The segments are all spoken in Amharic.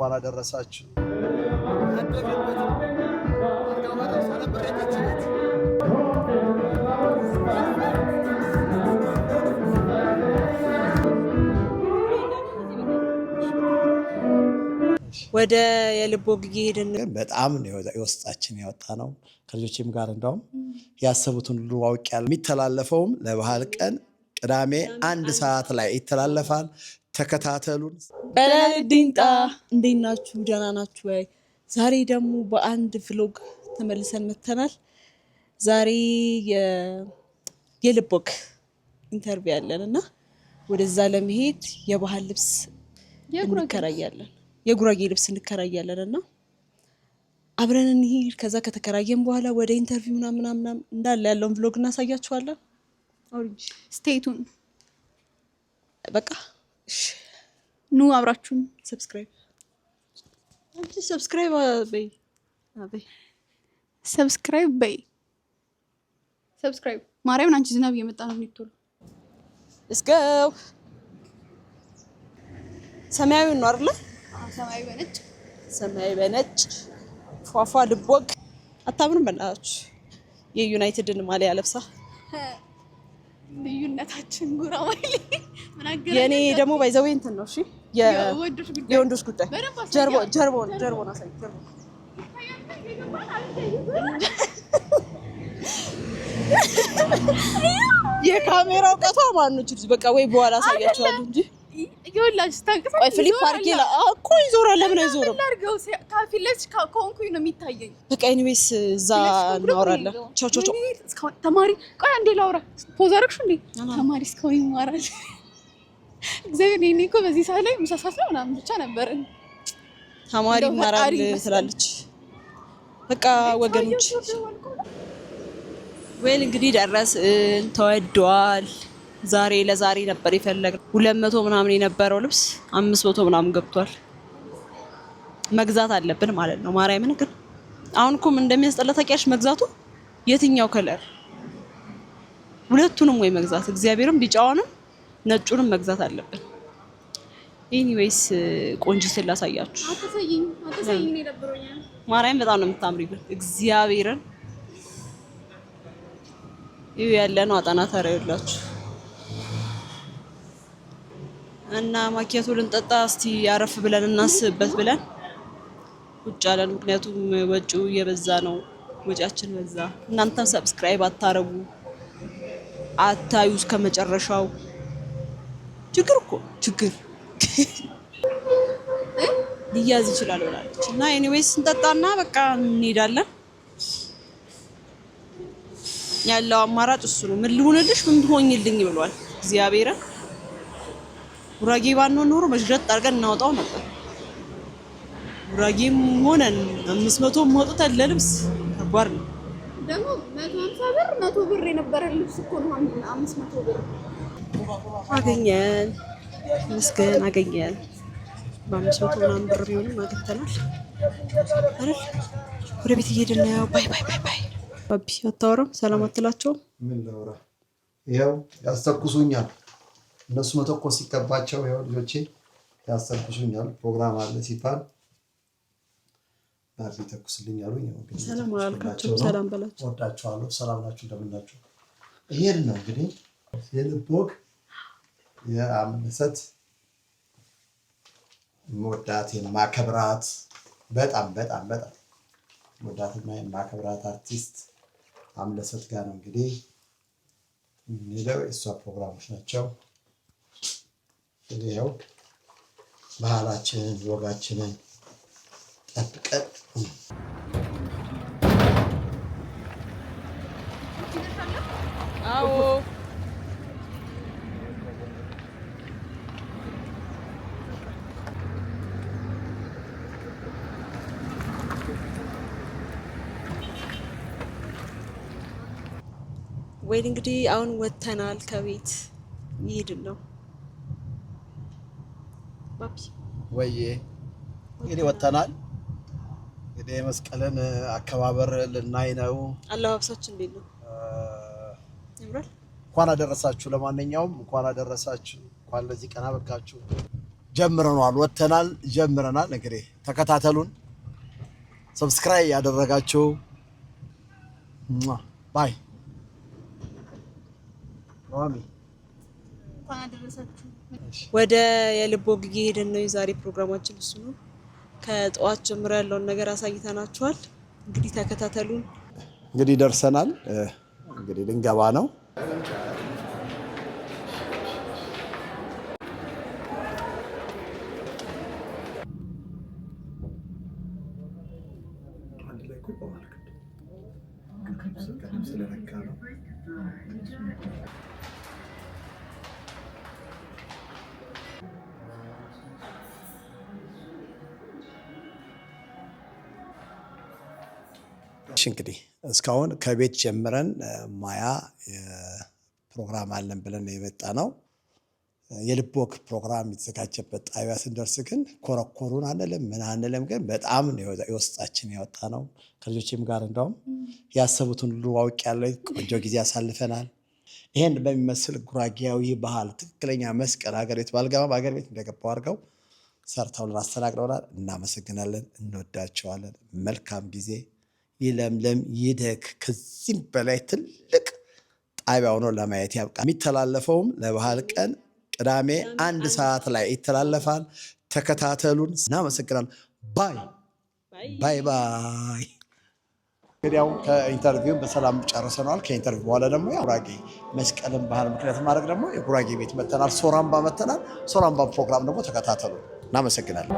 እንኳን አደረሳችሁ። ወደ የልቦ ግጌ ሄደን በጣም የውስጣችን ያወጣ ነው። ከልጆችም ጋር እንደውም ያሰቡትን ሁሉ አውቅ ያለ የሚተላለፈውም ለባህል ቀን ቅዳሜ አንድ ሰዓት ላይ ይተላለፋል። ተከታተሉን። ዲንጣ እንዴት ናችሁ? ደህና ናችሁ ወይ? ዛሬ ደግሞ በአንድ ፍሎግ ተመልሰን መተናል። ዛሬ የልቦክ ኢንተርቪው ያለን እና ወደዛ ለመሄድ የባህል ልብስ እንከራያለን፣ የጉራጌ ልብስ እንከራያለን እና አብረን እንሂድ። ከዛ ከተከራየን በኋላ ወደ ኢንተርቪው ምናምን ምናምን እንዳለ ያለውን ብሎግ እናሳያችኋለን። ስቴቱን በቃ ኑ አብራችሁም ሰብስክራይብ አንቺ ሰብስክራይብ በይ ሰብስክራይብ በይ ሰብስክራይብ ማርያምን አንቺ ዝናብ እየመጣ ነው የሚትሉ እስከው ሰማያዊ ነው አይደለ? ሰማያዊ በነጭ ሰማያዊ በነጭ ፏፏ ድቦግ አታምንም። በላችሁ የዩናይትድን ማሊያ ለብሳ ልዩነታችን ጉራ የእኔ ደግሞ ባይዘዌ እንትን ነው። እሺ የወንዶች ጉዳይ ጀርቦን ጀርቦን ጀርቦን አሳይ የካሜራው ቀቷ ማነው? እጅ በቃ ወይ በኋላ አሳያቸዋለሁ እንጂ ይኸውላችሁ አድርጌ እኮ ይዞራል። ለምን አይዞርም? በቃ ኤኒዌይስ እዛ እናወራለን። ቻው ቻው ተማሪ ቆይ አንዴ ላውራ። ፖዝ አደረግሽ እንዴ? ተማሪ እስካሁን ይማራል። እግዚአብሔር ይሄኔ እኮ በዚህ ሰዓት ላይ ምሳ ሰዓት ምናምን ብቻ ነበርን። ተማሪ ይማራል ስላለች በቃ ወገኖች ወይን እንግዲህ ደረስን። ተወደዋል ዛሬ ለዛሬ ነበር የፈለግነው። ሁለት መቶ ምናምን የነበረው ልብስ አምስት መቶ ምናምን ገብቷል። መግዛት አለብን ማለት ነው። ማርያምን ግን አሁን እኮ እንደሚያስጠላ ታውቂያለሽ? መግዛቱ የትኛው ከለር ሁለቱንም ወይ መግዛት እግዚአብሔርም ቢጫውንም ነጩንም መግዛት አለብን። ኤኒዌይስ ስል ላሳያችሁ። ማርያም በጣም ነው የምታምሪ። እግዚአብሔርን ይኸው ያለ ነው አጣና ታሪያላችሁ እና ማኪያቱ ልንጠጣ እስቲ ያረፍ ብለን እናስብበት ብለን ውጭ አለን። ምክንያቱም ወጪው እየበዛ ነው፣ ወጪያችን በዛ። እናንተም ሰብስክራይብ አታረጉ አታዩ እስከ መጨረሻው ችግር እኮ ችግር ሊያዝ ይችላል ብላለች። እና ኤኒዌይስ እንጠጣና በቃ እንሄዳለን። ያለው አማራጭ እሱ ነው። ምን ልሁንልሽ፣ ምን ትሆኝልኝ ብሏል። እግዚአብሔርን ጉራጌ ባንሆን ኖሮ መሽረጥ አድርገን እናወጣው ነበር። ጉራጌም ሆነን አምስት መቶ መውጥተን ለልብስ ተጓር ነው ደግሞ መቶ ሀምሳ ብር መቶ ብር የነበረ ልብስ እኮ ነው አምስት መቶ ብር አገኘን። መስገን አገኘን። በአምስት መቶ ምናምን ብር ቢሆንም አግኝተናል አይደል? ወደ ቤት እየሄድን ነው። ባይ ባይ ባይ ባይ። ባቢ አታወራም? ሰላም አትላቸውም? ምን ላውራ? ይኸው ያስተኩሱኛል። እነሱ መተኮስ ሲገባቸው ይኸው ልጆቼ ያስተኩሱኛል። ፕሮግራም አለ ሲባል ባቢ ተኩስልኝ አሉኝ። ሰላም አላልካቸውም? ሰላም በላቸው። ወዳቸዋለሁ። ሰላም ናችሁ? እንደምናችሁ? ይሄን ነው እንግዲህ የልብ ወግ የአምሰት መወዳት የማከብራት በጣም በጣም በጣም መወዳትና የማከብራት አርቲስት አምለሰት ጋር ነው እንግዲህ የምንሄደው። የእሷ ፕሮግራሞች ናቸው። ይኸው ባህላችንን ወጋችንን ጠብቀን አዎ ወይ እንግዲህ አሁን ወጥተናል ከቤት ይሄድን ነው ወይ እንግዲህ ወጥተናል። እንግዲህ የመስቀልን አከባበር ልናይ ነው። አለባበሳችን እንዴት ነው? ያምራል። እንኳን አደረሳችሁ። ለማንኛውም እንኳን አደረሳችሁ፣ እንኳን ለዚህ ቀን አበቃችሁ። ጀምረናል፣ ወጥተናል፣ ጀምረናል። እንግዲህ ተከታተሉን። ሰብስክራይብ ያደረጋችሁ ባይ ወደ የልብ ወግጌ ሄደን ነው የዛሬ ፕሮግራማችን እሱ ነው። ከጠዋት ጀምሮ ያለውን ነገር አሳይተናችኋል። እንግዲህ ተከታተሉን። እንግዲህ ደርሰናል። እንግዲህ ልንገባ ነው። ስለነካ ነው እንግዲህ እስካሁን ከቤት ጀምረን ማያ ፕሮግራም አለን ብለን የመጣ ነው። የልቦክ ፕሮግራም የተዘጋጀበት ጣቢያ ስንደርስ ግን ኮረኮሩን አንልም ምን አንልም፣ ግን በጣም የውስጣችን የወጣ ነው። ከልጆችም ጋር እንደውም ያሰቡትን ሁሉ አውቅ ያለ ቆንጆ ጊዜ አሳልፈናል። ይሄን በሚመስል ጉራጌያዊ ባህል ትክክለኛ መስቀል ሀገር ቤት ባልገባም ሀገር ቤት እንደገባው አድርገው ሰርተውን አስተናግደውናል። እናመሰግናለን። እንወዳቸዋለን። መልካም ጊዜ ይለምለም ይደግ። ከዚህም በላይ ትልቅ ጣቢያ ሆኖ ለማየት ያብቃል። የሚተላለፈውም ለባህል ቀን ቅዳሜ አንድ ሰዓት ላይ ይተላለፋል። ተከታተሉን። እናመሰግናል። ባይ ባይ ባይ። እንግዲያው ከኢንተርቪው በሰላም ጨርሰነዋል። ከኢንተርቪው በኋላ ደግሞ የጉራጌ መስቀልን ባህል ምክንያት ማድረግ ደግሞ የጉራጌ ቤት መተናል፣ ሶራምባ መተናል። ሶራምባ ፕሮግራም ደግሞ ተከታተሉ። እናመሰግናለን።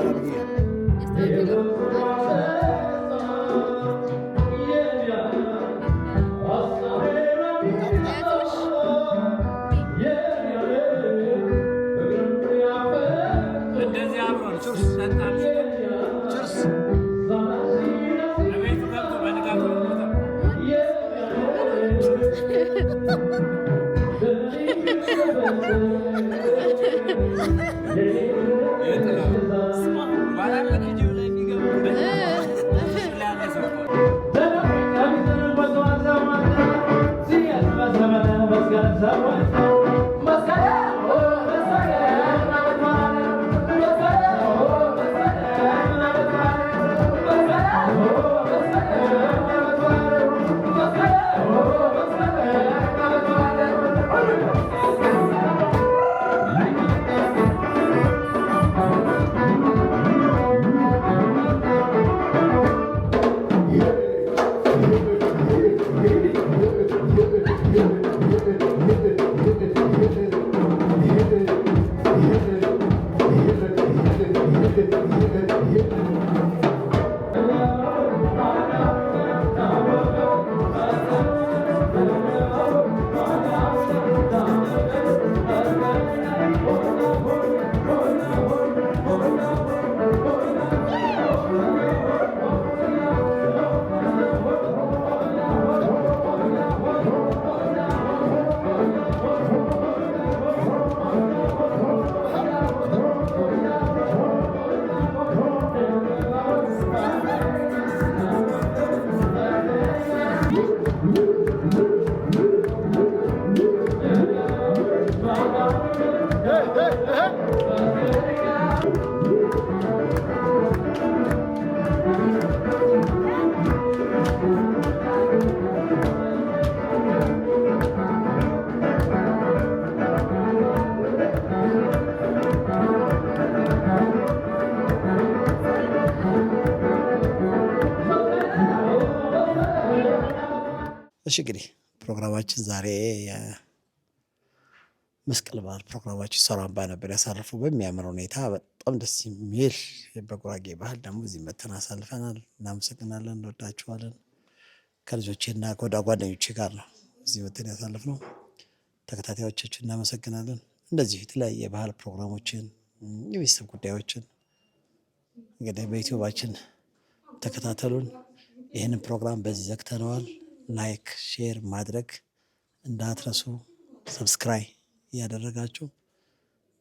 Todavía. that, is that right? እሺ እንግዲህ ፕሮግራማችን ዛሬ መስቀል በዓል ፕሮግራማችን ሰራምባ ነበር ያሳረፉ በሚያምር ሁኔታ በጣም ደስ የሚል በጉራጌ ባህል ደግሞ እዚህ መተን አሳልፈናል። እናመሰግናለን፣ እንወዳችኋለን። እና ከወዳ ጓደኞቼ ጋር ነው እዚህ መተን ነው። ተከታታዮቻችን እናመሰግናለን። እንደዚህ የተለያየ የባህል ፕሮግራሞችን የቤተሰብ ጉዳዮችን እንግዲህ በኢትዮባችን ተከታተሉን። ይህንን ፕሮግራም በዚህ ዘግተነዋል። ላይክ፣ ሼር ማድረግ እንዳትረሱ። ሰብስክራይ እያደረጋችሁ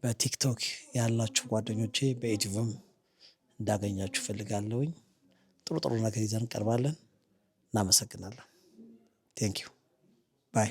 በቲክቶክ ያላችሁ ጓደኞቼ በዩቲዩብም እንዳገኛችሁ ፈልጋለሁኝ። ጥሩ ጥሩ ነገር ይዘን እንቀርባለን። እናመሰግናለን። ዩ ባይ